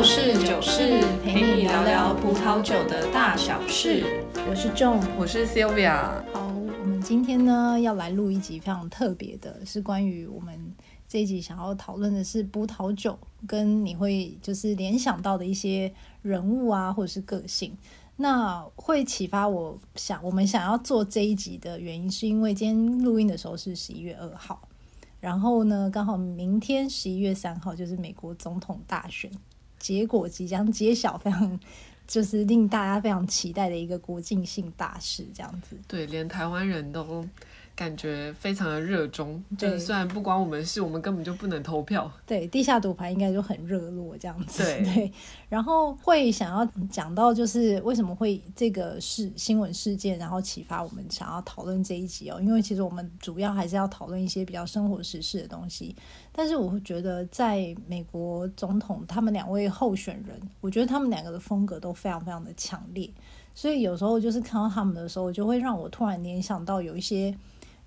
就是酒事，陪你聊聊葡萄酒的大小事。我是 John，我是 Sylvia。好，我們今天呢，要來錄一集非常特別的。是關於我們這一集想要討論的是葡萄酒跟你會就是聯想到的一些人物啊，或者是個性。那會啟發我想，我們想要做這一集的原因，是因為今天錄音的時候是十一月二號，然後呢剛好明天十一月三號，就是美國總統大選。結果即將揭曉，非常就是令大家非常期待的一個國際性大事，這樣子。對，連台灣人都感覺非常的熱衷。對，雖然不關我們事，我們根本就不能投票。對，地下賭盤應該就很熱絡這樣子。對。對，然後會想要講到，就是為什麼會這個事新聞事件，然後啟發我們想要討論這一集哦，因為其實我們主要還是要討論一些比較生活時事的東西。但是我覺得，在美國總統他們兩位候選人，我覺得他們兩個的風格都非常非常的強烈，所以有時候就是看到他們的時候，我就會讓我突然聯想到有一些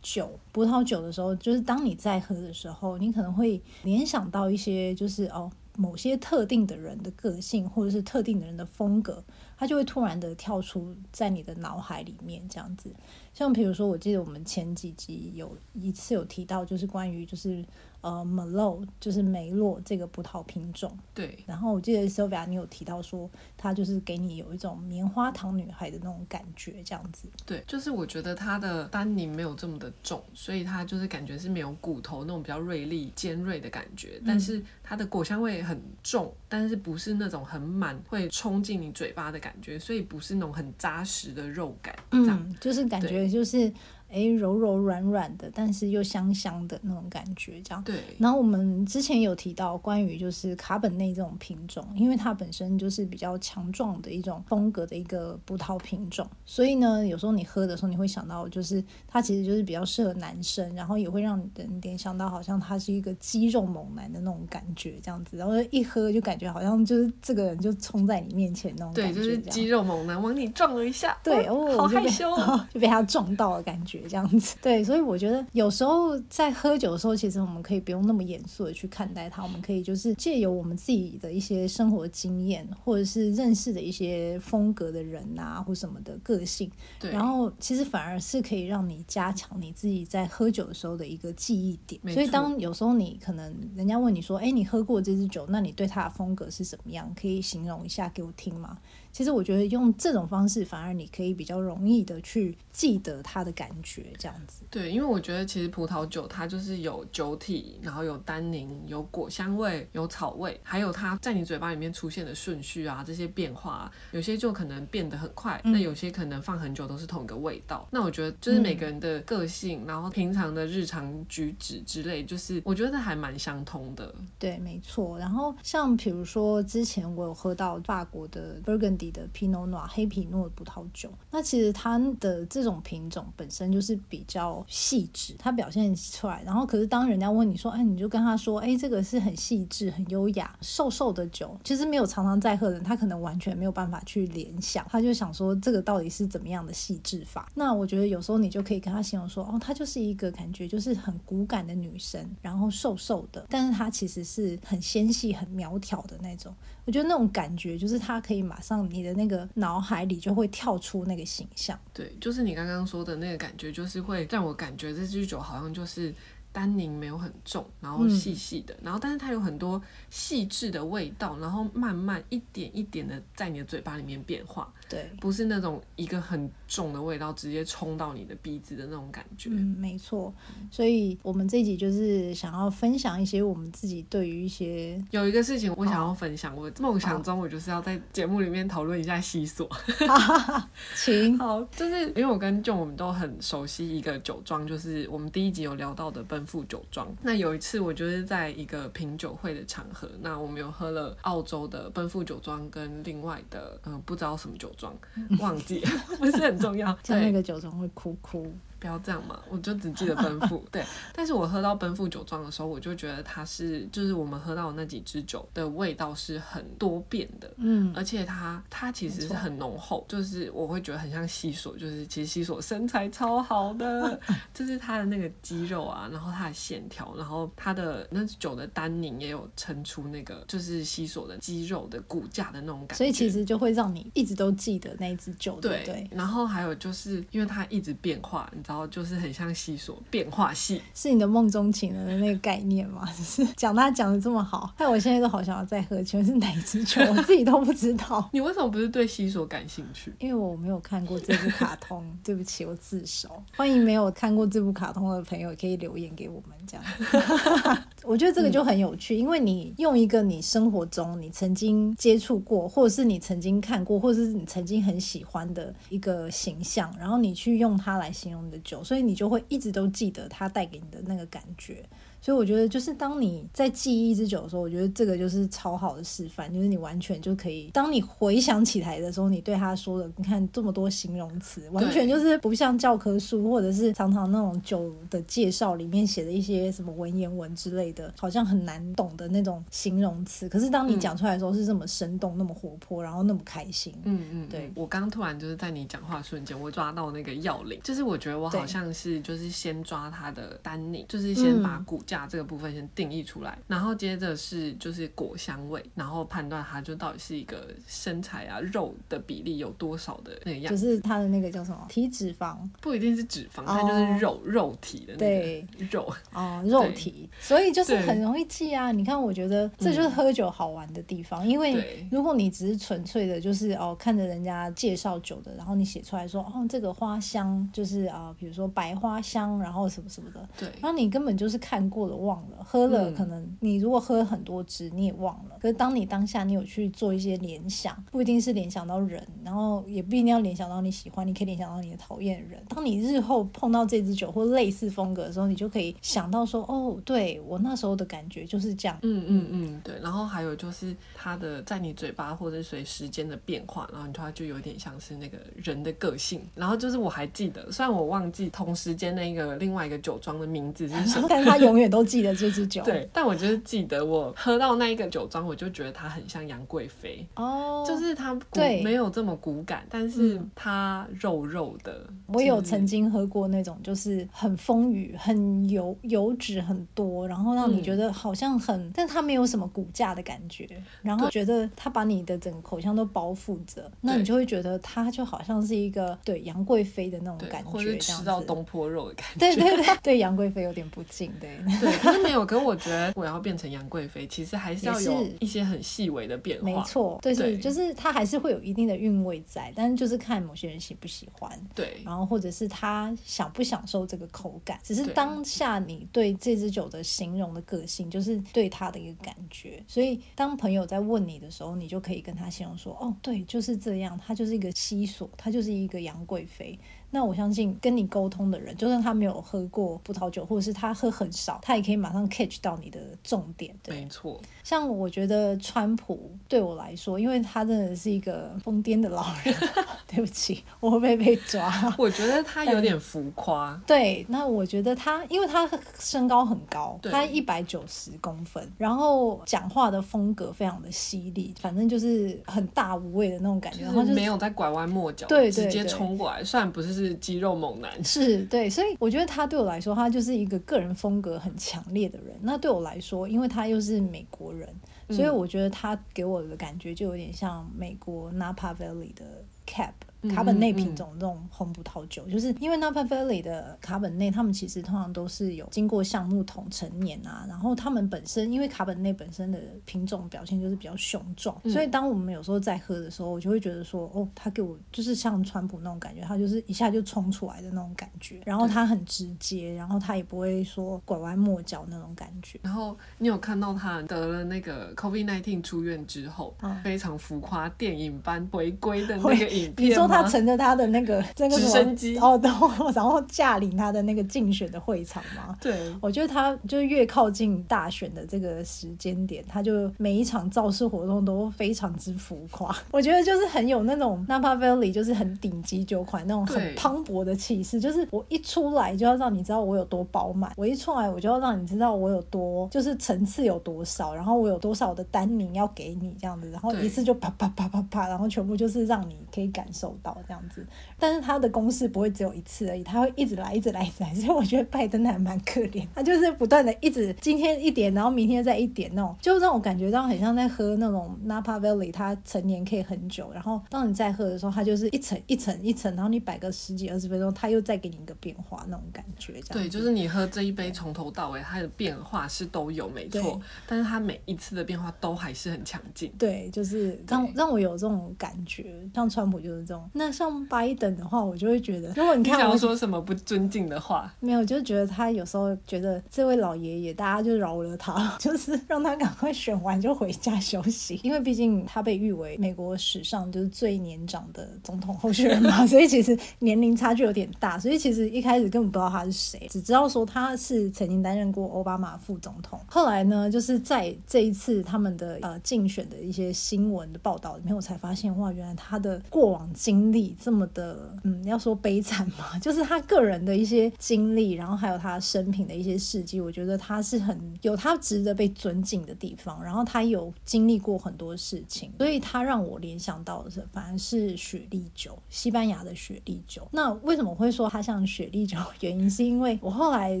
酒，葡萄酒的時候，就是當你在喝的時候，你可能會聯想到一些，就是哦，某些特定的人的個性，或者是特定的人的風格，他就會突然的跳出在你的腦海裡面這樣子。像比如說，我記得我們前幾集有一次有提到，就是關於就是。呃，Merlot 就是梅洛這個葡萄品種。對。然後我記得 Sylvia 你有提到說，它就是給你有一種棉花糖女孩的那種感覺，這樣子。對，就是我覺得它的單寧沒有這麼的重，所以它就是感覺是沒有骨頭那種比較銳利、尖銳的感覺。嗯。但是它的果香味很重，但是不是那種很滿會衝進你嘴巴的感覺，所以不是那種很扎實的肉感。嗯，這樣就是感覺就是。哎，柔柔軟軟的，但是又香香的那種感覺，這樣。對。然後我們之前有提到關於就是卡本內這種品種，因為它本身就是比較強壯的一種風格的一個葡萄品種，所以呢，有時候你喝的時候，你會想到就是它其實就是比較適合男生，然後也會讓人聯想到好像他是一個肌肉猛男的那種感覺這樣子，然後一喝就感覺好像就是這個人就衝在你面前那種感覺，對，就是肌肉猛男往你撞了一下，對，哦，好害羞啊，就被他撞到了感覺。這樣子，對，所以我覺得有時候在喝酒的時候，其實我們可以不用那麼嚴肅的去看待它，我們可以就是借由我們自己的一些生活經驗，或者是認識的一些風格的人啊，或什麼的個性，對，然後其實反而是可以讓你加強你自己在喝酒的時候的一個記憶點。所以當有時候你可能人家問你說，哎、欸，你喝過這支酒，那你對它的風格是怎麼樣？可以形容一下給我聽嗎？其實我覺得用這種方式，反而你可以比較容易的去記得它的感覺，這樣子。對，因為我覺得其實葡萄酒它就是有酒體，然後有單寧，有果香味，有草味，還有它在你嘴巴裡面出現的順序啊，這些變化，有些就可能變得很快，那、嗯、有些可能放很久都是同一個味道。那我覺得就是每個人的個性，嗯、然後平常的日常舉止之類，就是我覺得還蠻相通的。對，沒錯。然後像比如說之前我有喝到法國的 Burgundy。的 Pinot Noir，黑皮諾葡萄酒，那其實它的這種品種本身就是比較細緻，它表現出來。然後，可是當人家問你說，哎，你就跟他說，哎，這個是很細緻、很優雅、瘦瘦的酒。其實沒有常常在喝的人，他可能完全沒有辦法去聯想。他就想說，這個到底是怎麼樣的細致法？那我覺得有時候你就可以跟他形容說，哦，她就是一個感覺就是很骨感的女生，然後瘦瘦的，但是她其實是很纖細、很苗條的那種。我覺得那種感覺就是她可以馬上。你的那個腦海裡就會跳出那個形象，對，就是你剛剛說的那個感覺，就是會讓我感覺這支酒好像就是。單寧沒有很重，然後細細的、嗯，然後但是它有很多細緻的味道，然後慢慢一點一點的在你的嘴巴裡面變化，對，不是那種一個很重的味道直接衝到你的鼻子的那種感覺，嗯，沒錯，所以我們這一集就是想要分享一些我們自己對於一些有一個事情我想要分享，oh. 我夢想中、oh. 我就是要在節目裡面討論一下西索， 請好, 好，就是因為我跟俊我們都很熟悉一個酒莊，就是我們第一集有聊到的奔。富酒莊。那有一次，我就是在一個品酒會的場合，那我們有喝了澳洲的奔富酒莊，跟另外的，嗯、呃，不知道什麼酒莊，忘記了， 不是很重要。像那個酒莊會哭哭。要這樣嘛？我就只記得奔赴。 對，但是我喝到奔赴酒莊的時候，我就覺得它是，就是我們喝到的那幾支酒的味道是很多變的，嗯，而且它它其實是很濃厚，就是我會覺得很像西索，就是其實西索身材超好的， 就是他的那個肌肉啊，然後他的線條，然後他的那酒的單寧也有撐出那個就是西索的肌肉的骨架的那種感覺，所以其實就會讓你一直都記得那一支酒，對,對,對，然後還有就是因為它一直變化，你知道。然後就是很像西索變化系，是你的夢中情人的那個概念嗎？就是講他講的這麼好，害我現在都好想要再喝，酒，是哪一支酒，我自己都不知道。 你為什麼不是對西索感興趣？因為我沒有看過這部卡通， 對不起，我自首。歡迎沒有看過這部卡通的朋友可以留言給我們，這樣。 我覺得這個就很有趣，因為你用一個你生活中你曾經接觸過，或者是你曾經看過，或者是你曾經很喜歡的一個形象，然後你去用它來形容的。所以你就會一直都記得它帶給你的那個感覺。所以我覺得，就是當你在記一支酒的時候，我覺得這個就是超好的示範。就是你完全就可以，當你回想起來的時候，你對他說的，你看這麼多形容詞，完全就是不像教科書或者是常常那種酒的介紹裡面寫的一些什麼文言文之類的，好像很難懂的那種形容詞。可是當你講出來的時候，嗯，是這麼生動、那麼活潑，然後那麼開心。嗯嗯，嗯，對。我剛突然就是在你講話瞬間，我抓到那個要領，就是我覺得我好像是就是先抓他的丹寧，就是先把骨價這個部分先定義出來，然後接着是就是果香味，然後判斷它，就到底是一個身材啊，肉的比例有多少的那樣，就是它的那個叫什麼體脂肪，不一定是脂肪，oh. 它就是肉肉體的、那個、對，肉哦，oh, 肉體，所以就是很容易記啊。你看，我覺得這就是喝酒好玩的地方，嗯、因為如果你只是純粹的，就是哦看着人家介紹酒的，然後你寫出來說哦這個花香就是啊、呃，比如說白花香，然後什麼什麼的，對，然後你根本就是看。或者忘了喝了，可能你如果喝很多支你也忘了，嗯。可是當你當下你有去做一些聯想，不一定是聯想到人，然後也不一定要聯想到你喜歡，你可以聯想到你的討厭人。當你日後碰到這支酒或類似風格的時候，你就可以想到說，哦，對，我那時候的感覺就是這樣。嗯嗯嗯，對。然後還有就是它的在你嘴巴或者隨時間的變化，然後它就有點像是那個人的個性。然後就是我還記得，雖然我忘記同時間那一個另外一個酒莊的名字是什麼， 但是它永遠。 也都記得這支酒。對，但我就是記得我喝到那一個酒莊，我就覺得它很像楊貴妃，哦、oh，就是它骨沒有這麼骨感，但是它肉肉的。嗯、的我有曾經喝過那種，就是很豐腴、很油油脂很多，然後讓你覺得好像很、嗯，但它沒有什麼骨架的感覺，然後覺得它把你的整個口腔都包覆着，那你就會覺得它就好像是一個對楊貴妃的那種感覺，對或者吃到東坡肉的感覺。對，對對對， 對楊貴妃有點不敬對。 對，可是沒有。可是我覺得我要變成楊貴妃，其實還是要有一些很細微的變化。沒錯，對，就是它還是會有一定的韻味在，但是就是看某些人喜不喜歡。對，然後或者是他享不享受這個口感，只是當下你對這支酒的形容的個性，就是對它的一個感覺。所以當朋友在問你的時候，你就可以跟他形容說：“哦，對，就是這樣，它就是一個稀索，它就是一個楊貴妃。”那我相信跟你溝通的人，就算他沒有喝過葡萄酒，或者是他喝很少，他也可以馬上 catch 到你的重點。對，沒錯，像我覺得川普對我來說，因為他真的是一個瘋癲的老人。 對不起，我會被被抓？ 我覺得他有點浮誇。對，那我覺得他，因為他身高很高，他一百九十公分，然後講話的風格非常的犀利，反正就是很大無畏的那種感覺，然後就是沒有在拐彎抹角，就是、對，對，對，對，直接衝過來，雖然不是。是肌肉猛男，是是對，所以我覺得他對我來說，他就是一個個人風格很強烈的人。那對我來說，因為他又是美國人，所以我覺得他給我的感覺就有點像美國 Napa Valley 的 Cab。卡本內品種這種紅葡萄酒，嗯嗯、就是因為那帕谷的卡本內，他們其實通常都是有經過橡木桶陳年啊。然後他們本身，因為卡本內本身的品種表現就是比較雄壯、嗯，所以當我們有時候在喝的時候，我就會覺得說，哦，他給我就是像川普那種感覺，他就是一下就衝出來的那種感覺。然後他很直接，然後他也不會說拐彎抹角那種感覺。然後你有看到他得了那個 COVID-19 出院之後，嗯、非常浮誇電影般回歸的那個影片。 他乘着他的那個直升機、那個，哦，然後然後然後駕臨他的那個競選的會場嘛。對，我覺得他就是越靠近大選的這個時間點，他就每一場造勢活動都非常之浮誇。 我覺得就是很有那種 Napa Valley 就是很頂級酒款那種很磅礴的氣勢，就是我一出來就要讓你知道我有多飽滿，我一出來我就要讓你知道我有多就是層次有多少，然後我有多少的單寧要給你這樣子，然後一次就啪啪啪啪啪啪啪，然後全部就是讓你可以感受。到這樣子，但是他的攻勢不會只有一次而已，他會一直來，一直來，一直來。所以我覺得拜登還蠻可憐，他就是不斷的一直今天一點，然後明天再一點那種，就讓我感覺到很像在喝那種 Napa Valley，它陳年可以很久。然後當你在喝的時候，它就是一層一層一層，然後你擺個十幾二十分鐘，他又再給你一個變化那種感覺這樣。對，就是你喝這一杯從頭到尾它的變化是都有沒錯，但是它每一次的變化都還是很強勁。對，就是讓讓我有這種感覺，像川普就是這種。那像拜登的話，我就會覺得，如果你看我，你想說什麼不尊敬的話，沒有，就是覺得他有時候覺得這位老爺爺，大家就饒了他，就是讓他趕快選完就回家休息，因為畢竟他被譽為美國史上就是最年長的總統候選人嘛，所以其實年齡差距有點大，所以其實一開始根本不知道他是誰，只知道說他是曾經擔任過奧巴馬副總統，後來呢，就是在這一次他們的呃競選的一些新聞的報道裡面，我才發現哇，原來他的過往經。經歷這麼的，嗯，要說悲慘嗎？就是他個人的一些經歷，然後還有他生平的一些事蹟，我覺得他是很有他值得被尊敬的地方。然後他有經歷過很多事情，所以他讓我聯想到的是，反而是雪莉酒，西班牙的雪莉酒。那為什麼會說他像雪莉酒？原因是因為我後來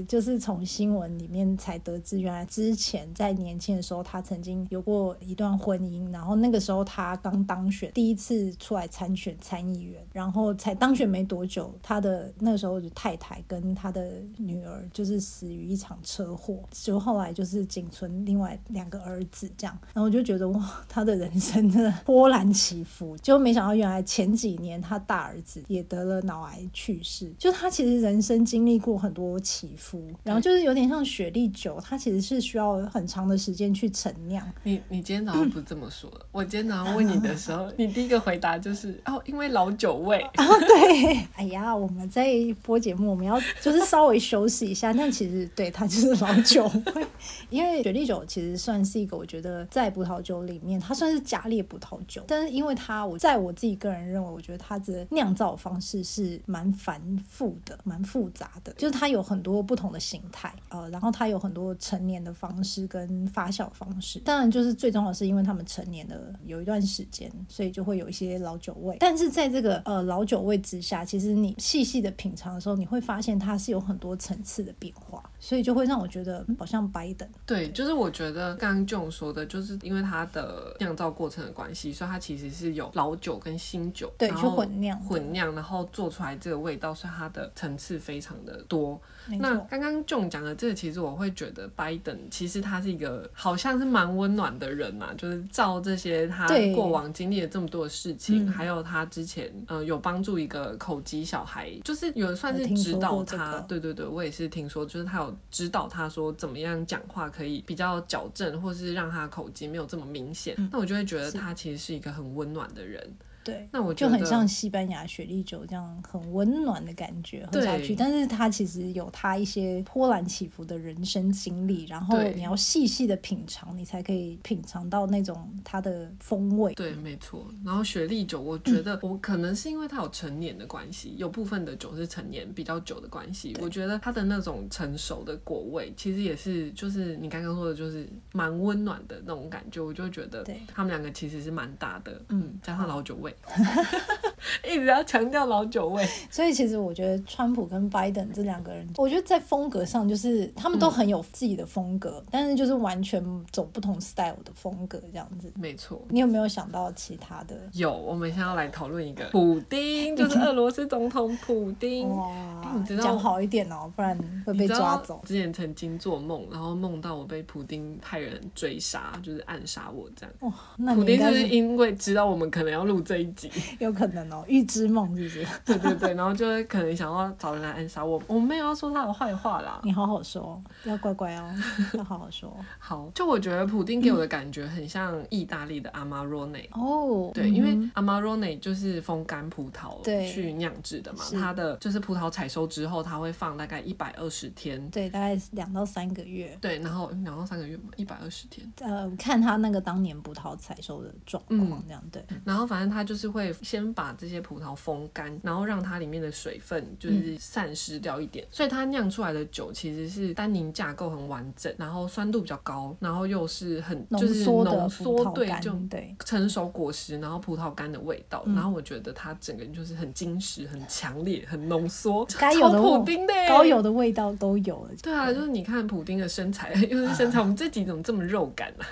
就是從新聞裡面才得知，原來之前在年輕的時候，他曾經有過一段婚姻，然後那個時候他剛當選，第一次出來參選參。議員，然後才當選沒多久，他的那時候就太太跟他的女兒就是死於一場車禍，就後來就是僅存另外兩個兒子這樣，然後我就覺得哇，他、哦、的人生真的波瀾起伏，就沒想到原來前幾年他大兒子也得了腦癌去世，就他其實人生經歷過很多起伏，然後就是有點像雪莉酒，他其實是需要很長的時間去陳釀。你你今天早上不這麼說，嗯、我今天早上問你的時候，你第一個回答就是 哦，因為。老酒味，啊，對，哎呀，我們在播節目，我們要就是稍微休息一下。那 其實對，它，就是老酒味，因為雪莉酒其實算是一個，我覺得在葡萄酒裡面，它算是加烈葡萄酒。但是因為它，我在我自己個人認為，我覺得它的釀造方式是蠻繁複的，蠻複雜的，就是它有很多不同的形態，呃，然後它有很多陳年的方式跟發酵方式。當然，就是最重要是因為它們陳年的有一段時間，所以就會有一些老酒味。但是在在這個呃老酒味之下，其實你細細的品嘗的時候，你會發現它是有很多層次的變化，所以就會讓我覺得好像拜登。對，對就是我覺得剛剛 John 說的，就是因為它的釀造過程的關係，所以它其實是有老酒跟新酒對去混釀，混釀然後做出來這個味道，所以它的層次非常的多。那剛剛 John 講的這個，其實我會覺得拜登其實他是一個好像是蠻溫暖的人嘛，就是照這些他過往經歷了這麼多的事情、嗯，還有他之前呃有幫助一個口吃小孩，就是有的算是指導他，這個、對對對，我也是聽說，就是他有指導他說怎麼樣講話可以比較矯正，或是讓他口吃沒有這麼明顯、嗯，那我就會覺得他其實是一個很溫暖的人。對，那我覺得就很像西班牙雪莉酒這樣很溫暖的感覺，喝下去，但是它其實有它一些波瀾起伏的人生經歷，然後你要細細的品嚐，你才可以品嚐到那種它的風味。對，沒錯。然後雪莉酒，我覺得、嗯、我可能是因為它有陳年的關係，有部分的酒是陳年比較久的關係，我覺得它的那種成熟的果味，其實也是就是你剛剛說的，就是蠻溫暖的那種感覺。我就覺得他們兩個其實是蠻搭的，嗯，加上老酒味。 一直要強調老酒味。所以其實我覺得川普跟拜登這兩個人，我覺得在風格上就是他們都很有自己的風格，嗯、但是就是完全走不同 style 的風格這樣子。沒錯，你有沒有想到其他的？有，我們現在要來討論一個普丁，就是俄羅斯總統普丁。哇，講、欸、好一點哦、喔，不然會被抓走。之前曾經做夢，然後夢到我被普丁派人追殺，就是暗殺我這樣。哇、哦，那普丁就是因為知道我們可能要錄這一。 有可能哦，預知夢是不是？對對對，然後就會可能想要找人來暗殺我。我沒有要說他的壞話啦，你好好說，要乖乖哦， 要好好說。好，就我覺得普丁給我的感覺很像意大利的阿瑪羅內哦，對，因為阿瑪羅內就是風乾葡萄去釀制的嘛，它的就是葡萄採收之後，他會放大概一百二十天，對，大概兩到三個月，對，然後兩到三個月嘛，一百二十天，呃，看他那個當年葡萄採收的狀況，這樣、嗯、對，然後反正他就是。就是會先把這些葡萄風乾，然後讓它裡面的水分就是散失掉一點，嗯、所以它釀出來的酒其實是單寧架構很完整，然後酸度比較高，然後又是很就是濃縮對，就對成熟果實，然後葡萄乾的味道、嗯，然後我覺得它整個就是很精實、很強烈、很濃縮，超普丁的高油的味道都有，了道都有了。對啊，嗯、就是你看普丁的身材， 又是身材，啊、我們這幾種這麼肉感啊。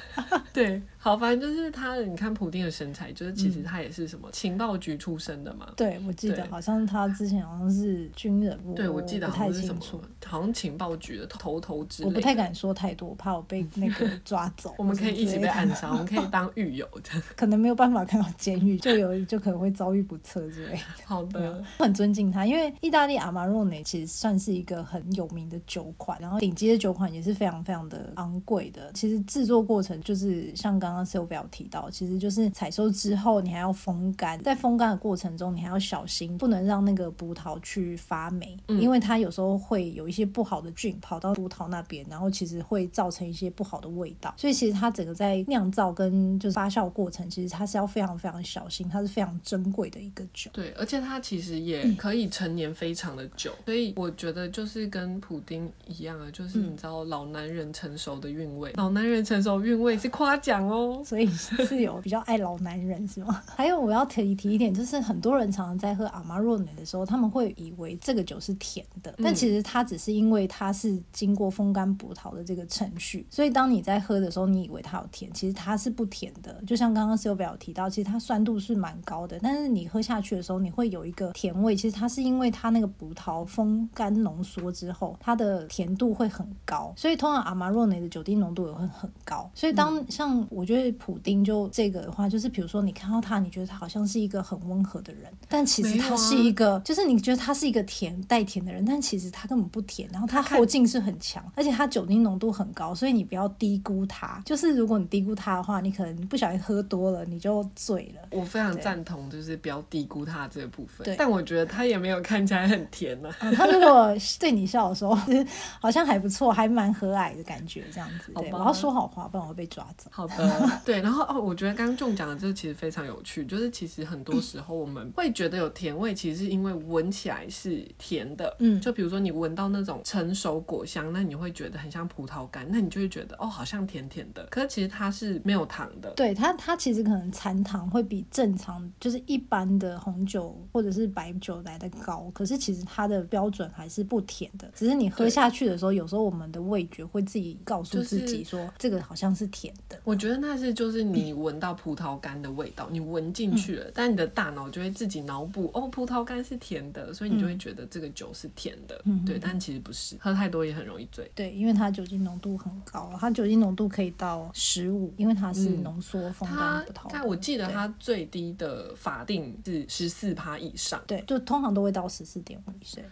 對，好，反正就是他，你看普丁的身材，就是其實他也是。情報局出身的嘛，對我記得好像他之前好像是軍人，對我記得是什麼我不太清楚，好像情報局的頭頭之類。我不太敢說太多，怕我被那個抓走。 我們可以一直被暗殺， 我們可以當獄友，可能沒有辦法看到監獄， 就有就可能會遭遇不測之類的。好的，嗯，我很尊敬他，因為意大利阿瑪若內其實算是一個很有名的酒款，然後頂級的酒款也是非常非常的昂貴的。其實制作過程就是像剛剛 Silvia 提到，其實就是採收之後你還要封。風乾，在風乾的過程中，你還要小心，不能讓那個葡萄去發霉，嗯、因為它有時候會有一些不好的菌跑到葡萄那邊，然後其實會造成一些不好的味道。所以其實它整個在釀造跟就是發酵的過程，其實它是要非常非常小心，它是非常珍貴的一個酒。對，而且它其實也可以陳年非常的久、嗯，所以我覺得就是跟普丁一樣啊，就是你知道老男人成熟的韻味、嗯，老男人成熟韻味是誇獎哦。所以是有比較愛老男人 是嗎？還有。我要提提一點，就是很多人常常在喝 Amarone 的時候，他們會以為這個酒是甜的、嗯，但其實它只是因為它是經過風乾葡萄的這個程序，所以當你在喝的時候，你以為它有甜，其實它是不甜的。就像剛剛 Sylvia 有提到，其實它酸度是蠻高的，但是你喝下去的時候，你會有一個甜味。其實它是因為它那個葡萄風乾濃縮之後，它的甜度會很高，所以通常 Amarone 的酒精濃度也會很高。所以當、嗯、像我覺得普丁就這個的話，就是比如說你看到它，你覺得它。好像是一個很溫和的人，但其實他是一個，啊、就是你覺得他是一個甜帶甜的人，但其實他根本不甜。然後他後勁是很強，而且他酒精濃度很高，所以你不要低估他。就是如果你低估他的話，你可能你不小心喝多了，你就醉了。我非常贊同，就是不要低估他的這個部分對。對，但我覺得他也沒有看起來很甜啊。他、啊、如果對你笑的時候，就是、好像還不錯，還蠻和藹的感覺這樣子。對，我要說好話，不然我會被抓走。好的， 對。然後哦，我覺得剛剛中獎的這個其實非常有趣，就是。其實很多時候我們會覺得有甜味，嗯、其實是因為聞起來是甜的。嗯，就比如說你聞到那種成熟果香，那你會覺得很像葡萄乾，那你就會覺得哦，好像甜甜的。可是其實它是沒有糖的。對它，它其實可能殘糖會比正常就是一般的紅酒或者是白酒來的高，嗯。可是其實它的標準還是不甜的，只是你喝下去的時候，有時候我們的味覺會自己告訴自己說，就是，這個好像是甜的。我覺得那是就是你聞到葡萄乾的味道，嗯、你聞進。去、嗯、了，但你的大腦就會自己腦補，哦，葡萄乾是甜的，所以你就會覺得這個酒是甜的，嗯、對、嗯，但其實不是。喝太多也很容易醉，對，因為它酒精濃度很高，它酒精濃度可以到十五，因為它是濃縮、嗯、風乾，但我記得它最低的法定是十四趴以上對，對，就通常都會到十四點五以上。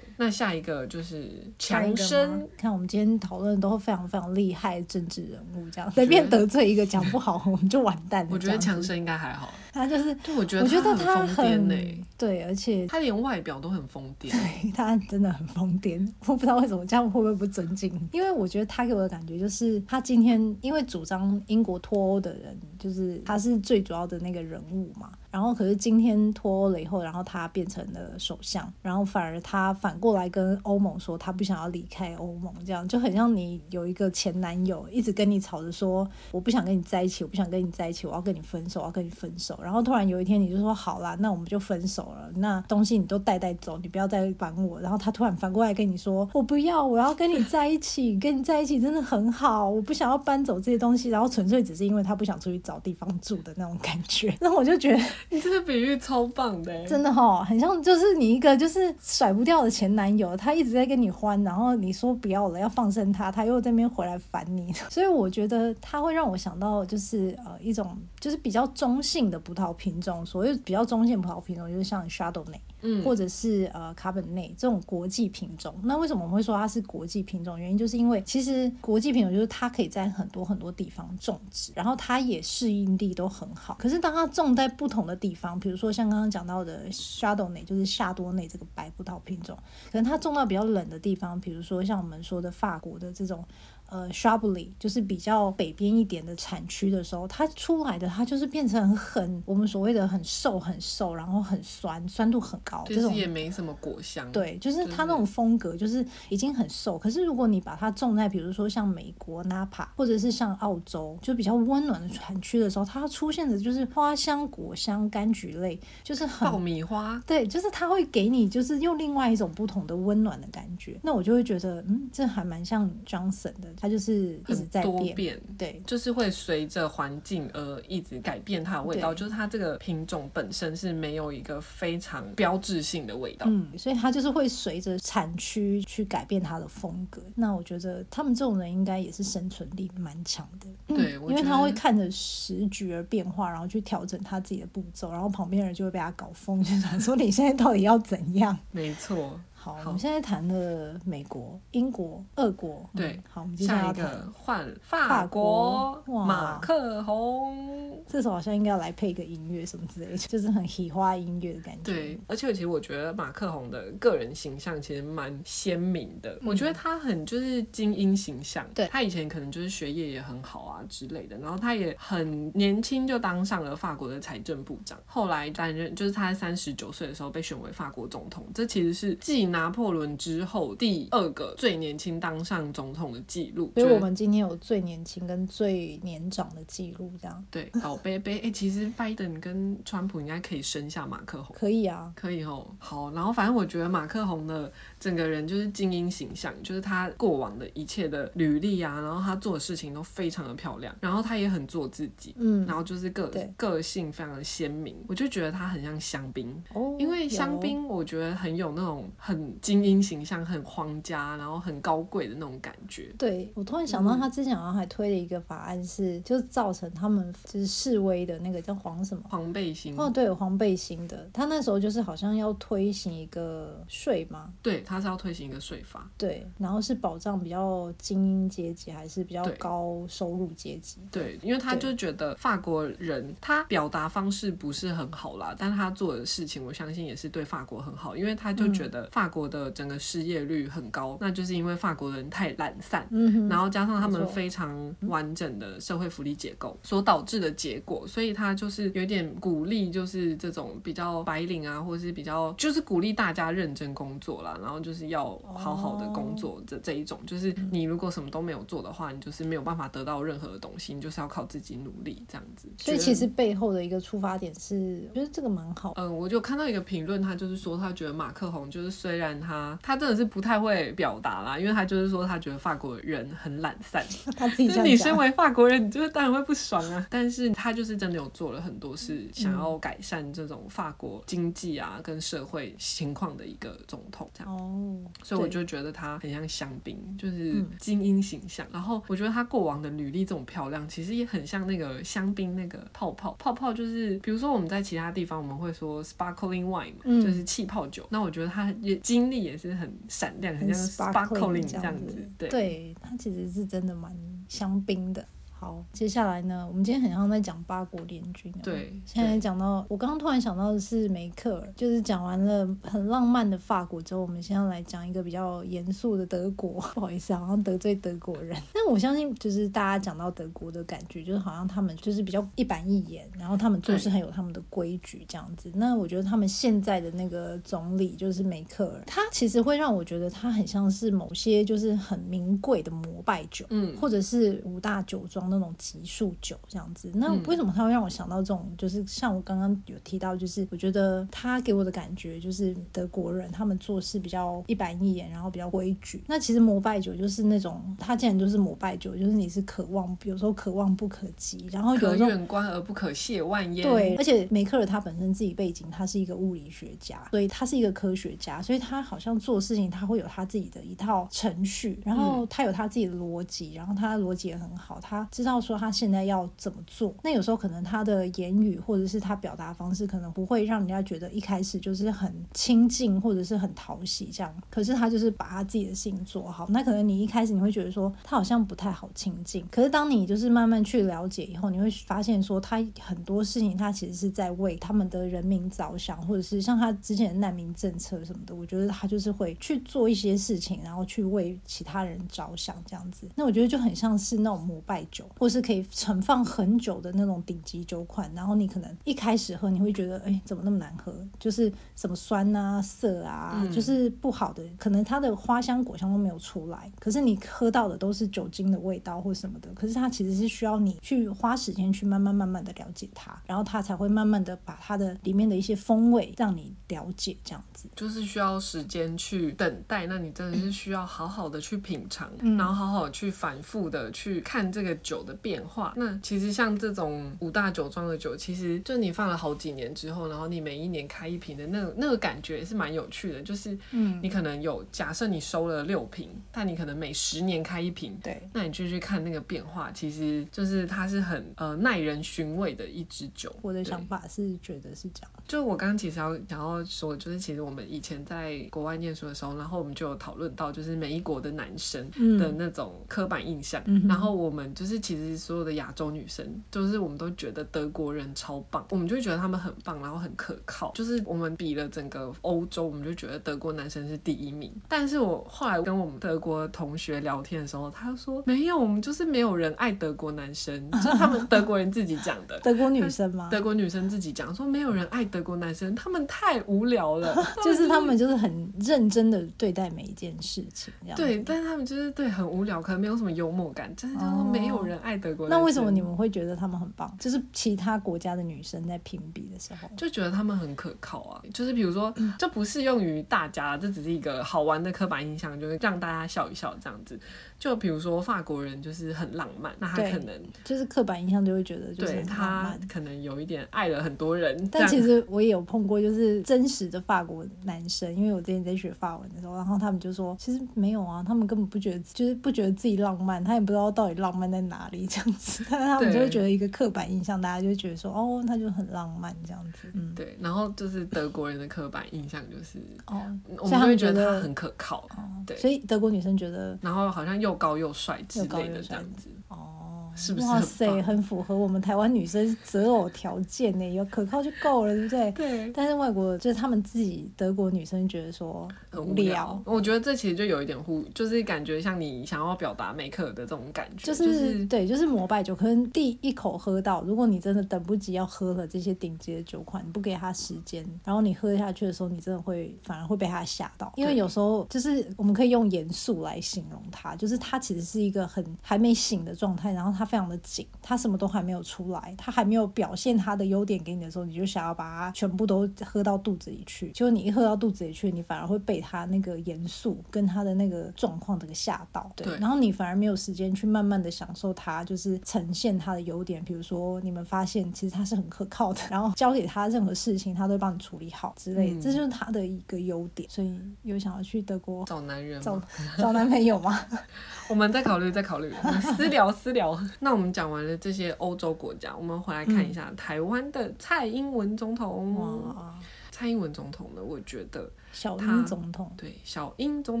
那下一個就是強生，看我們今天討論的都非常非常厲害的政治人物，這樣隨便得，得罪一個講不好，我 們就完蛋。 我覺得強生應該還好，他就是，對，我覺得他很瘋癲，對，而且他連外表都很瘋癲，對，他真的很瘋癲，我不知道為什麼這樣會不會不尊敬，因為我覺得他給我的感覺就是，他今天因為主張英國脫歐的人，就是他是最主要的那個人物嘛。然後可是今天脫歐了以後，然後他變成了首相，然後反而他反過來跟歐盟說他不想要離開歐盟，這樣就很像你有一個前男友一直跟你吵着說我不想跟你在一起，我不想跟你在一起，我要跟你分手，我要跟你分手。然後突然有一天你就說好啦，那我們就分手了，那東西你都帶帶走，你不要再煩我。然後他突然反過來跟你說我不要，我要跟你在一起， 跟你在一起真的很好，我不想要搬走這些東西。然後純粹只是因為他不想出去找地方住的那種感覺，那我就覺得。你這個比喻超棒的！欸，真的哈。哦，很像就是你一個就是甩不掉的前男友，他一直在跟你歡，然後你說不要了，要放生他，他又在那邊回來煩你，所以我覺得他會讓我想到就是呃一種就是比較中性的葡萄品種，所謂比較中性葡萄品種就是像夏多內或者是呃卡本內這種國際品種，嗯，那為什麼我們會說它是國際品種？原因就是因為其實國際品種就是它可以在很多很多地方種植，然後它也適應力都很好。可是當它種在不同的地方，比如說像剛剛講到的夏多內，就是夏多內這個白葡萄品種，可能它種到比較冷的地方，比如說像我們說的法國的這種。呃 Chablis 就是比較北邊一點的產區的時候，它出來的它就是變成很我們所謂的很瘦很瘦，然後很酸，酸度很高，這種是也沒什麼果香。對，就是它那種風格就是已經很瘦。可是如果你把它種在比如說像美國 Napa 或者是像澳洲，就比較溫暖的產區的時候，它出現的就是花香、果香、柑橘類，就是很爆米花。對，就是它會給你就是用另外一種不同的溫暖的感覺。那我就會覺得，嗯，這還蠻像 Johnson 的。它就是一直在變多變，對，就是會隨着環境而一直改變它的味道，就是它這個品種本身是沒有一個非常標誌性的味道，嗯，所以它就是會隨着產區去改變它的風格。那我覺得他們這種人應該也是生存力蠻強的，嗯、對，因為他會看着時局而變化，然後去調整他自己的步驟，然後旁邊人就會被他搞瘋，就想說你現在到底要怎樣？沒錯。好，我們現在談了美國、英國、俄國，對，嗯、好，我們接下來，下一個換法國，法國馬克宏，這首好像應該要來配個音樂什麼之類的，就是很喜歡音樂的感覺。對，而且其實我覺得馬克宏的個人形象其實蠻鮮明的、嗯，我覺得他很就是精英形象，對，他以前可能就是學業也很好啊之類的，然後他也很年輕就當上了法國的財政部長，後來擔任就是他在三十九歲的時候被選為法國總統，這其實是既拿破崙之後第二個最年輕當上總統的記錄，所以我們今天有最年輕跟最年長的記錄，這樣對。寶貝貝，哎、 呃，其實拜登跟川普應該可以生下馬克宏，可以啊，可以哦。好，然後反正我覺得馬克宏的整個人就是精英形象，就是他過往的一切的履歷啊，然後他做的事情都非常的漂亮，然後他也很做自己，嗯，然後就是個個性非常的鮮明，我就覺得他很像香檳，哦，因為香檳我覺得很有那種很。精英形象，很皇家，然後很高貴的那種感覺。對，我突然想到，他之前好像還推了一個法案是，是、嗯、就造成他們就是示威的那個叫黃什麼黃背心哦，對黃背心的，他那時候就是好像要推行一個稅嗎？對，他是要推行一個稅法。對，然後是保障比較精英階級，還是比較高收入階級對？對，因為他就覺得法國人他表達方式不是很好啦，但他做的事情我相信也是對法國很好，因為他就覺得法。國的整個失業率很高，那就是因為法國人太懶散。嗯哼，然後加上他們非常完整的社會福利結構所導致的結果，所以他就是有點鼓勵，就是這種比較白領啊，或是比較就是鼓勵大家認真工作啦，然後就是要好好的工作，哦、這這一種，就是你如果什麼都沒有做的話，你就是沒有辦法得到任何的東西，你就是要靠自己努力這樣子。所以其實背後的一個出發點是，我覺得這個蠻好。嗯，我就看到一個評論，他就是說他覺得馬克宏就是雖然。雖然他他真的是不太會表達啦，因為他就是說他覺得法國人很懶散。 他自己， 你身為法國人，你就是當然會不爽啊。但是他就是真的有做了很多事，嗯、想要改善這種法國經濟啊跟社會情況的一個總統這樣。哦，所以我就覺得他很像香檳，就是精英形象、嗯。然後我覺得他過往的履歷這種漂亮，其實也很像那個香檳那個泡泡泡泡，就是比如說我們在其他地方我們會說 sparkling wine 嘛，、嗯、就是氣泡酒。那我覺得他也。經歷也是很閃亮，很像 sparkling 這樣子。對，它其實是真的蠻香檳的。好，接下來呢，我們今天很像在講八國聯軍有沒有？對，現在講到我剛剛突然想到的是梅克爾，就是講完了很浪漫的法國之後，我們先要來講一個比較嚴肅的德國。不好意思，好像得罪德國人。但我相信，就是大家講到德國的感覺，就是好像他們就是比較一板一眼，然後他們做事很有他們的規矩這樣子。那我覺得他們現在的那個總理就是梅克爾，他其實會讓我覺得他很像是某些就是很名貴的膜拜酒、嗯，或者是五大酒莊。那種級數酒這樣子，那為什麼他會讓我想到這種？嗯、就是像我剛剛有提到，就是我覺得他給我的感覺就是德國人他們做事比較一板一眼，然後比較規矩。那其實膜拜酒就是那種，他竟然就是膜拜酒，就是你是渴望，有時候渴望不可及，然後有種可遠觀而不可褻玩焉。對，而且梅克爾他本身自己背景，他是一個物理學家，所以他是一個科學家，所以他好像做事情他會有他自己的一套程序，然後他有他自己的邏輯，然後他邏輯也很好，他知道說他現在要怎麼做，那有時候可能他的言語或者是他表達方式，可能不會讓人家覺得一開始就是很親近或者是很討喜這樣。可是他就是把他自己的心做好，那可能你一開始你會覺得說他好像不太好親近，可是當你就是慢慢去了解以後，你會發現說他很多事情他其實是在為他們的人民着想，或者是像他之前的難民政策什麼的，我覺得他就是會去做一些事情，然後去為其他人着想這樣子。那我覺得就很像是那種膜拜酒。或是可以存放很久的那種頂級酒款，然後你可能一開始喝，你會覺得哎、欸、怎麼那麼難喝？就是什麼酸啊澀啊、嗯，就是不好的，可能它的花香果香都沒有出來，可是你喝到的都是酒精的味道或什麼的。可是它其實是需要你去花時間去慢慢慢慢的了解它，然後它才會慢慢的把它的裡面的一些風味讓你了解這樣子，就是需要時間去等待。那你真的是需要好好的去品嚐、嗯，然後好好去反覆的去看這個酒的變化，那其實像這種五大酒莊的酒，其實就你放了好幾年之後，然後你每一年開一瓶的那個那個感覺也是蠻有趣的。就是，嗯，你可能有、嗯、假設你收了六瓶，但你可能每十年開一瓶，對，那你就去看那個變化，其實就是它是很呃耐人尋味的一支酒。我的想法是覺得是這樣。就我剛剛其實想要，然後說，就是其實我們以前在國外唸書的時候，然後我們就有討論到，就是每一國的男生的那種刻板印象。然後我們就是其實所有的亞洲女生，就是我們都覺得德國人超棒，我們就覺得他們很棒，然後很可靠。就是我們比了整個歐洲，我們就覺得德國男生是第一名。但是我後來跟我們德國同學聊天的時候，他說沒有，我們就是沒有人愛德國男生，就是他們德國人自己講的。 德國女生嗎？德國女生自己講說沒有人愛。德國男生他們太無聊了， 就是他們就是很認真的對待每一件事情，對，但是他們就是對很無聊，可能沒有什麼幽默感，哦、真的就是沒有人愛德國男生。那為什麼你們會覺得他們很棒？就是其他國家的女生在評比的時候就覺得他們很可靠啊。就是比如說，這不適用於大家，這只是一個好玩的刻板印象，就是讓大家笑一笑這樣子。就比如說法國人就是很浪漫，那他可能就是刻板印象就會覺得就是，對他可能有一點愛了很多人，但其實。我也有碰過，就是真實的法國男生，因為我之前在學法文的時候，然後他們就說，其實沒有啊，他們根本不覺得，就是不覺得自己浪漫，他也不知道到底浪漫在哪裡這樣子，但是他們就會覺得一個刻板印象，大家就會覺得說，哦，他就很浪漫這樣子。嗯，對。然後就是德國人的刻板印象就是， 哦，所以他，我們就會覺得他很可靠。哦，對。所以德國女生覺得，然後好像又高又帥之類的這樣子。又高又帥哦。是不是，哇塞，很符合我們台灣女生擇偶條件呢？有可靠就夠了，對不對？對。但是外國就是他們自己，德國女生覺得說很無聊，無聊。我覺得這其實就有一點忽，就是感覺像你想要表達梅克爾的這種感覺。就是、就是、對，就是膜拜酒，可能第一口喝到，如果你真的等不及要喝了這些頂級的酒款，你不給他時間，然後你喝下去的時候，你真的會反而會被他嚇到。因為有時候就是我們可以用嚴肅來形容他，就是他其實是一個很還沒醒的狀態，然後他。他非常的緊，他什麼都還沒有出來，他還沒有表現他的優點給你的時候，你就想要把它全部都喝到肚子裡去。就是你一喝到肚子裡去，你反而會被他那個嚴肅跟他的那個狀況給嚇到對。對。然後你反而沒有時間去慢慢的享受他，就是呈現他的優點。比如說你們發現其實他是很可靠的，然後交給他任何事情，他都會幫你處理好之類，嗯、這就是他的一個優點。所以有想要去德國找男人嗎？找找男朋友嗎？ 我們再考慮，再考慮，私聊私聊。那我們講完了這些歐洲國家，我們回來看一下台灣的蔡英文總統。嗯。蔡英文總統呢，我覺得。小英總統，對，小英總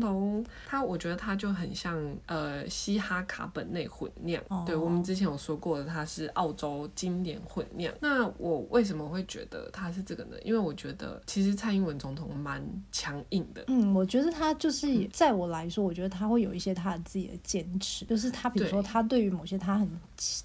統，他，我覺得他就很像呃，希哈卡本內混釀。哦，對，我們之前有說過的，他是澳洲經典混釀。那我為什麼會覺得他是這個呢？因為我覺得其實蔡英文總統蠻強硬的，嗯，我覺得他就是在我來說，嗯，我覺得他會有一些他自己的堅持，就是他比如說他對於某些他很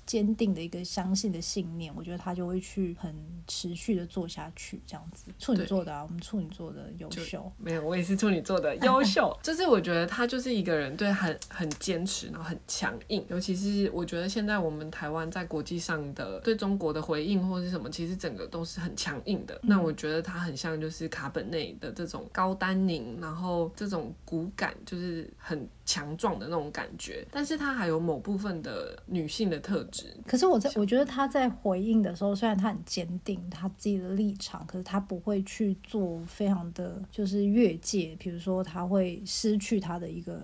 堅定的一個相信的信念，我覺得他就會去很持續的做下去這樣子。處女座的啊，我們處女座的優秀。沒有，我也是處女座的，優秀。 就是我覺得他就是一個人，對很很堅持，然後很強硬。尤其是我覺得現在我們台灣在國際上的對中國的回應或是什麼，其實整個都是很強硬的。嗯、那我覺得他很像就是卡本內的這種高單寧，然後這種骨感，就是很。強壯的那種感覺，但是他還有某部分的女性的特質。可是我在我覺得他在回應的時候，雖然他很堅定他自己的立場，可是他不會去做非常的就是越界，比如說他會失去他的一個。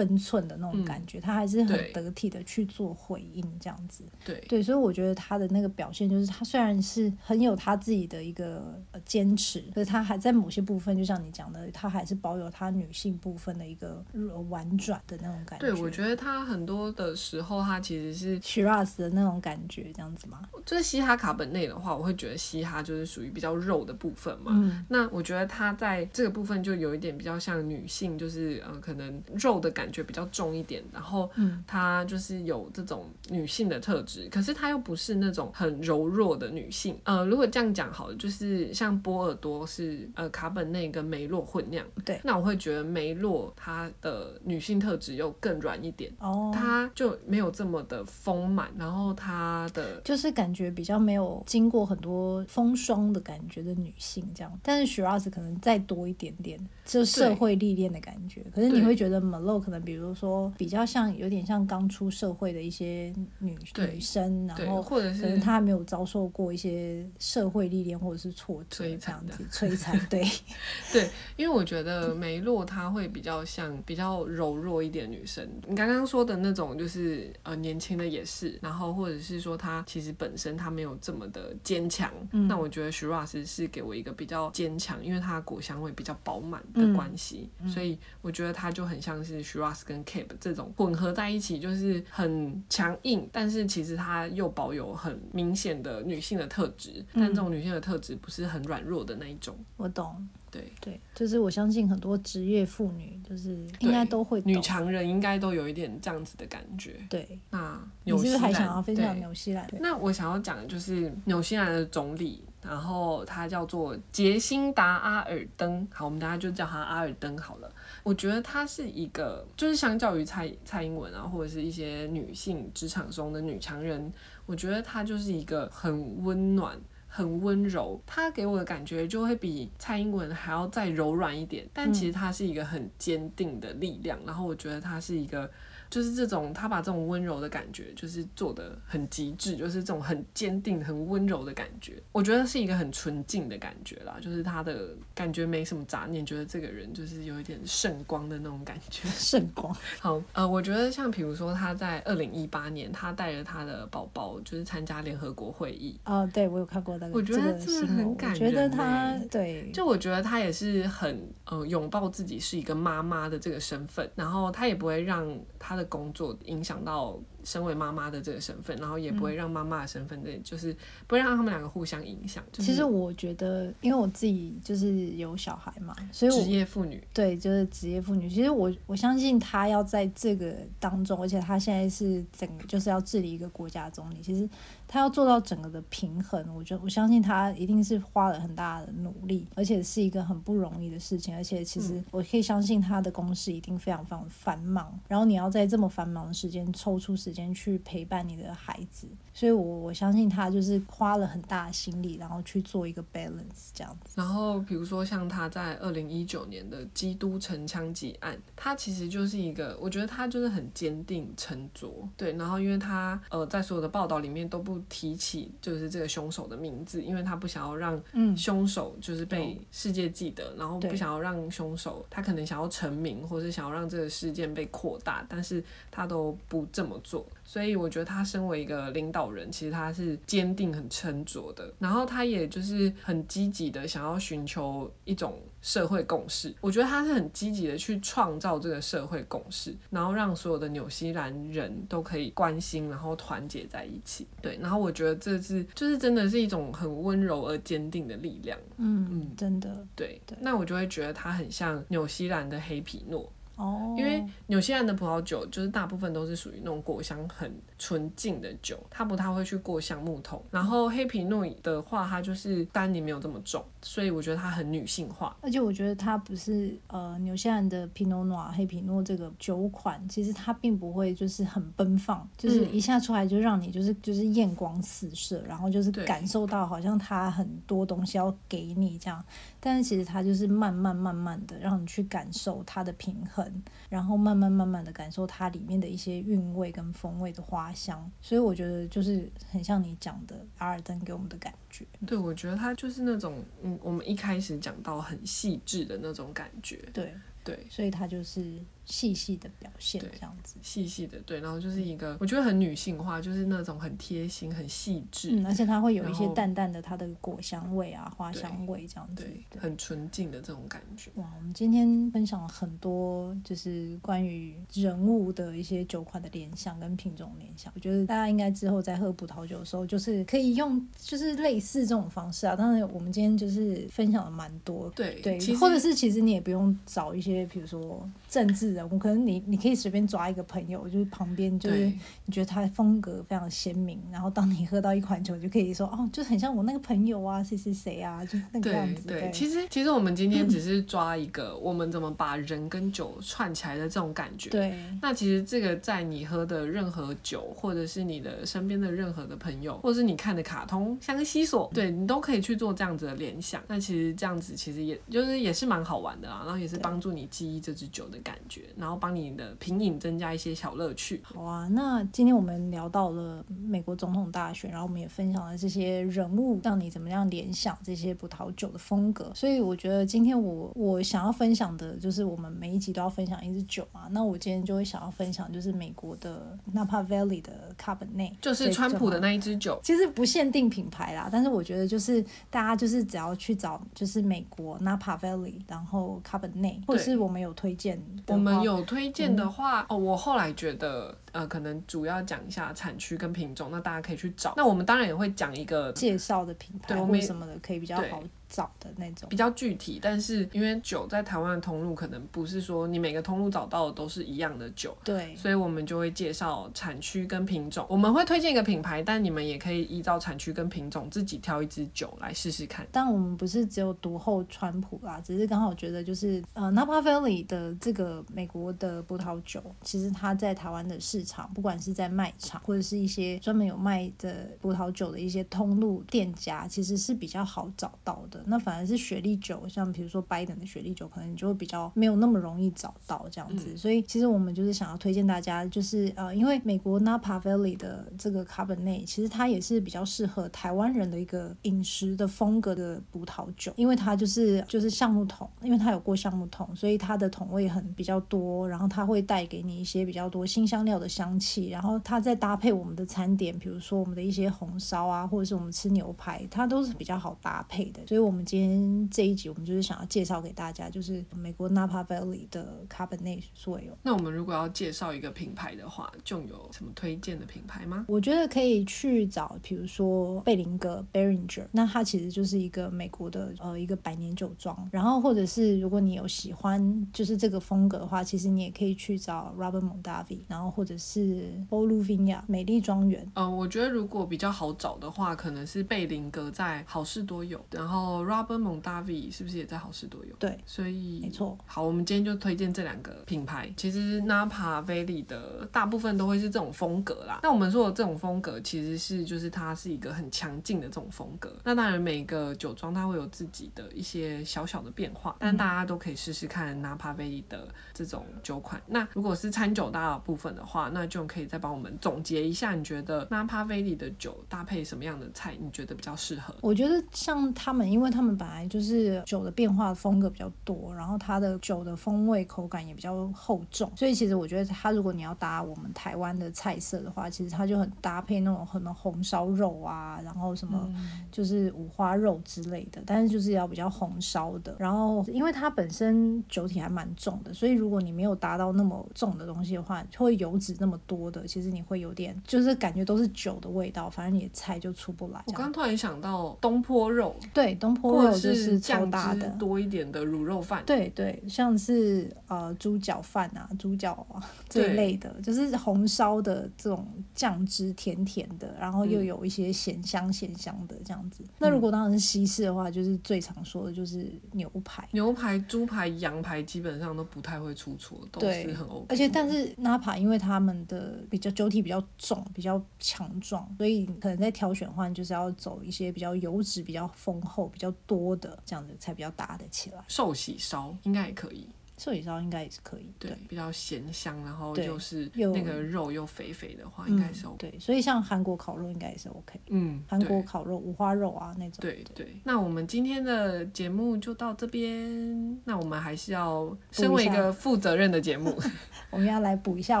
分寸的那種感覺，嗯，他還是很得體的去做回應，這樣子。對對，對，所以我覺得他的那個表現，就是他雖然是很有他自己的一個呃堅持，可是他還在某些部分，就像你講的，他還是保有他女性部分的一個呃婉轉的那種感覺。對，我覺得他很多的時候，他其實是 Shiraz 的那種感覺，這樣子嗎？就是、嘻哈卡本內的話，我會覺得嘻哈就是屬於比較肉的部分嘛。嗯。那我覺得他在這個部分就有一點比較像女性，就是嗯、呃、可能肉的感覺。感覺比較重一點，然後，嗯，她就是有這種女性的特質、嗯，可是她又不是那種很柔弱的女性。呃，如果這樣講，好了，就是像波爾多是呃卡本內跟梅洛混釀，對，那我會覺得梅洛她的女性特質又更軟一點，哦，她就沒有這麼的豐滿，然後她的就是感覺比較沒有經過很多風霜的感覺的女性這樣，但是 Shiraz 可能再多一點點，就社會歷練的感覺，可是你會覺得 Malo 可能。比如說，比較像有點像剛出社會的一些女女生，然後或者是她沒有遭受過一些社會歷練或者是挫折，這樣子摧殘，對 對。因為我覺得梅洛她會比較像比較柔弱一點女生，嗯、你剛剛說的那種就是呃年輕的也是，然後或者是說她其實本身她沒有這麼的堅強。那、嗯、我覺得徐 h i 是給我一個比較堅強，因為的果香味比較飽滿的關係、嗯嗯，所以我覺得她就很像是徐。Shiraz 跟 Cab 這種混合在一起，就是很強硬，但是其實它又保有很明顯的女性的特質，但這種女性的特質不是很軟弱的那一種。嗯，我懂，對對，就是我相信很多職業婦女，就是應該都會女強人，應該都有一點這樣子的感覺。對啊，其實還想要分享紐西蘭，那我想要講的就是紐西蘭的總理。然後他叫做傑辛達·阿爾登，好，我們大家就叫他阿爾登好了。我覺得他是一個，就是相較於蔡蔡英文啊，或者是一些女性職場中的女強人，我覺得她就是一個很溫暖、很溫柔。她給我的感覺就會比蔡英文還要再柔軟一點，但其實她是一個很堅定的力量。嗯，然後我覺得她是一個。就是這種，他把這種溫柔的感覺，就是做的很極緻，就是這種很堅定、很溫柔的感覺，我覺得是一個很純淨的感覺啦。就是他的感覺沒什麼雜念，覺得這個人就是有一點聖光的那種感覺。聖光，好，呃，我覺得像比如說他在二零一八年，他帶着他的寶寶就是參加聯合國會議。哦，對，我有看過那個，我覺得就是很感覺得，覺得他，對，就我覺得他也是很，呃，擁抱自己是一個媽媽的這個身份，然後他也不會讓他的。工作影響到。身為媽媽的這個身份，然後也不會讓媽媽的身份對，就是不會讓他們兩個互相影響、就是。其實我覺得，因為我自己就是有小孩嘛，所以職業婦女對，就是職業婦女。其實我我相信他要在這個當中，而且他現在是整個就是要治理一個國家總理。其實他要做到整個的平衡，我覺得我相信他一定是花了很大的努力，而且是一個很不容易的事情。而且其實我可以相信他的公司一定非常非常繁忙，然後你要在這麼繁忙的時間抽出時。時間去陪伴你的孩子，所以我我相信他就是花了很大的心力，然後去做一個 balance 這樣子。然後比如說像他在二零一九年的基督城槍擊案，他其實就是一個，我覺得他就是很堅定、沉着。對，然後因為他呃在所有的報道裡面都不提起就是這個凶手的名字，因為他不想要讓凶手就是被世界記得，嗯、然後不想要讓凶手、嗯、他可能想要成名，或是想要讓這個事件被擴大，但是他都不這麼做。所以我覺得他身為一個領導人，其實他是堅定、很沉着的。然後他也就是很積極的想要尋求一種社會共識。我覺得他是很積極的去創造這個社會共識，然後讓所有的紐西蘭人都可以關心，然後團結在一起。對，然後我覺得這是就是真的是一種很溫柔而堅定的力量。嗯嗯，真的對。對，那我就會覺得他很像紐西蘭的黑皮諾。哦、oh，因為紐西蘭的葡萄酒就是大部分都是屬於那種果香很純淨的酒，它不太會去過香木桶。然後黑皮諾的話，它就是單寧沒有這麼重，所以我覺得它很女性化。而且我覺得它不是呃紐西蘭的皮諾諾啊，黑皮諾這個酒款，其實它並不會就是很奔放，就是一下出來就讓你就是就是豔光四射，然後就是感受到好像它很多東西要給你這樣。但是其實它就是慢慢慢慢的讓你去感受它的平衡，然後慢慢慢慢的感受它裡面的一些韻味跟風味的花香。所以我覺得就是很像你講的阿爾登給我們的感覺。對，我覺得它就是那種嗯，我們一開始講到很細緻的那種感覺。對對，所以它就是。細細的表現這樣子，細細的，對，然後就是一個我覺得很女性化，就是那種很貼心、很細緻，嗯，而且它會有一些淡淡的它的果香味啊、花香味這樣子，對，對對，很純淨的這種感覺。哇，我們今天分享了很多，就是關於人物的一些酒款的聯想跟品種聯想，我覺得大家應該之後在喝葡萄酒的時候，就是可以用，就是類似這種方式啊。當然，我們今天就是分享了蠻多，對對，或者是其實你也不用找一些，比如說政治啊。我可能你你可以隨便抓一個朋友，就是旁邊就是你覺得他的風格非常鮮明，然後當你喝到一款酒，就可以說哦，就很像我那個朋友啊，誰誰誰啊，就那個樣子。對。對，其實其實我們今天只是抓一個我們怎麼把人跟酒串起來的這種感覺。對。那其實這個在你喝的任何酒，或者是你的身邊的任何的朋友，或者是你看的卡通，像個西索，對，你都可以去做這樣子的聯想。那其實這樣子其實也就是也是蠻好玩的啊，然後也是幫助你記憶這支酒的感覺。然後幫你的品飲增加一些小樂趣。好啊，那今天我們聊到了美國總統大選，然後我們也分享了這些人物，讓你怎麼樣聯想這些葡萄酒的風格。所以我覺得今天我我想要分享的就是我們每一集都要分享一支酒嘛。那我今天就會想要分享就是美國的 Napa Valley 的 c a b e 就是川普的那一支酒。其實不限定品牌啦，但是我覺得就是大家就是只要去找就是美國 Napa Valley，然後 c a b e r e 或是我們有推薦我們。有推薦的話，嗯，哦，我後來覺得。呃，可能主要講一下產區跟品種，那大家可以去找。那我們當然也會講一個介紹的品牌，對我們什麼的可以比較好找的那種。比較具體，但是因為酒在台灣的通路可能不是說你每個通路找到的都是一樣的酒，對，所以我們就會介紹產區跟品種。我們會推薦一個品牌，但你們也可以依照產區跟品種自己挑一支酒來試試看。但我們不是只有讀後川普啦，只是剛好覺得就是呃，Napa Valley 的這個美國的葡萄酒，其實它在台灣的市場。市場不管是在賣場或者是一些專門有賣的葡萄酒的一些通路店家，其實是比較好找到的。那反而是雪莉酒，像比如說拜登的雪莉酒，可能你就會比較沒有那麼容易找到這樣子。嗯、所以其實我們就是想要推薦大家，就是呃，因為美國 Napa Valley 的這個 Cabernet 其實它也是比較適合台灣人的一個飲食的風格的葡萄酒，因為它就是就是橡木桶，因為它有過橡木桶，所以它的桶味很比較多，然後它會帶給你一些比較多辛香料的。香氣，然後它再搭配我們的餐點，比如說我們的一些紅燒啊，或者是我們吃牛排，它都是比較好搭配的。所以，我們今天這一集，我們就是想要介紹給大家，就是美國 Napa Valley 的 Cabernet Sauvignon。那我們如果要介紹一個品牌的話，就有什麼推薦的品牌嗎？我覺得可以去找，比如說貝林格 Beringer，那它其實就是一個美國的呃一個百年酒莊。然後，或者是如果你有喜歡就是這個風格的話，其實你也可以去找 Robert Mondavi，然後或者。是 b o l 亞 v i a 美麗莊園。嗯、呃，我覺得如果比較好找的話，可能是貝林格在好市多有，然後 Robert Mondavi 是不是也在好市多有？對，所以沒錯。好，我們今天就推薦這兩個品牌。其實 Napa Valley 的大部分都會是這種風格啦。那我們說的這種風格，其實是就是它是一個很強勁的這種風格。那當然每個酒莊它會有自己的一些小小的變化，但大家都可以試試看 Napa Valley 的這種酒款。嗯、那如果是餐酒搭的部分的話，那就可以再幫我們總結一下，你覺得 Napa Valley 的酒搭配什麼樣的菜你覺得比較適合？我覺得像他們，因為他們本來就是酒的變化風格比較多，然後它的酒的風味口感也比較厚重，所以其實我覺得他，如果你要搭我們台灣的菜色的話，其實它就很搭配那種可能紅燒肉啊，然後什麼就是五花肉之類的，但是就是要比較紅燒的。然後因為它本身酒體還蠻重的，所以如果你沒有搭到那麼重的東西的話，就會油脂那麼多的，其實你會有點，就是感覺都是酒的味道，反正你的菜就出不來。我剛突然想到東坡肉，對，東坡肉就是醬汁多一點的滷肉飯，對，對對，像是呃豬腳飯啊、豬腳啊這一類的，就是紅燒的這種醬汁，甜甜的，然後又有一些鹹香鹹香的這樣子，嗯。那如果當然是西式的話，就是最常說的就是牛排、牛排、豬排、羊排，基本上都不太會出錯，都是很 OK。而且但是 Napa，因為他們的比較酒體比較重，比較強壯，所以你可能在挑選的話，你就是要走一些比較油脂比較豐厚、比較多的，這樣子才比較搭得起來。壽喜燒應該也可以。壽喜燒應該也是可以對，對，比較鹹香，然後就是那個肉又肥肥的話應該，應該是 OK 對，所以像韓國烤肉應該也是 OK，嗯，韓國烤肉五花肉啊那種，對對，對。那我們今天的節目就到這邊，那我們還是要身為一個負責任的節目， 我們要來補一下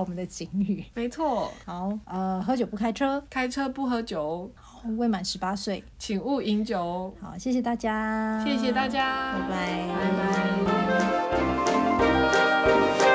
我們的警語，沒錯。好，呃，喝酒不開車，開車不喝酒。未滿十八歲，請勿飲酒。好，謝謝大家，謝謝大家，拜拜，拜拜。